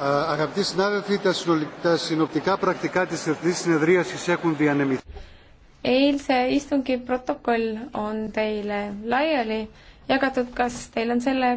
Αγαπητοί συνάδελφοι, τα συνοπτικά πρακτικά της Εθνής Συνεδρίασης έχουν διανεμηθεί. Eilse istungi protokoll on teile laiali jagatud, kas teil on selle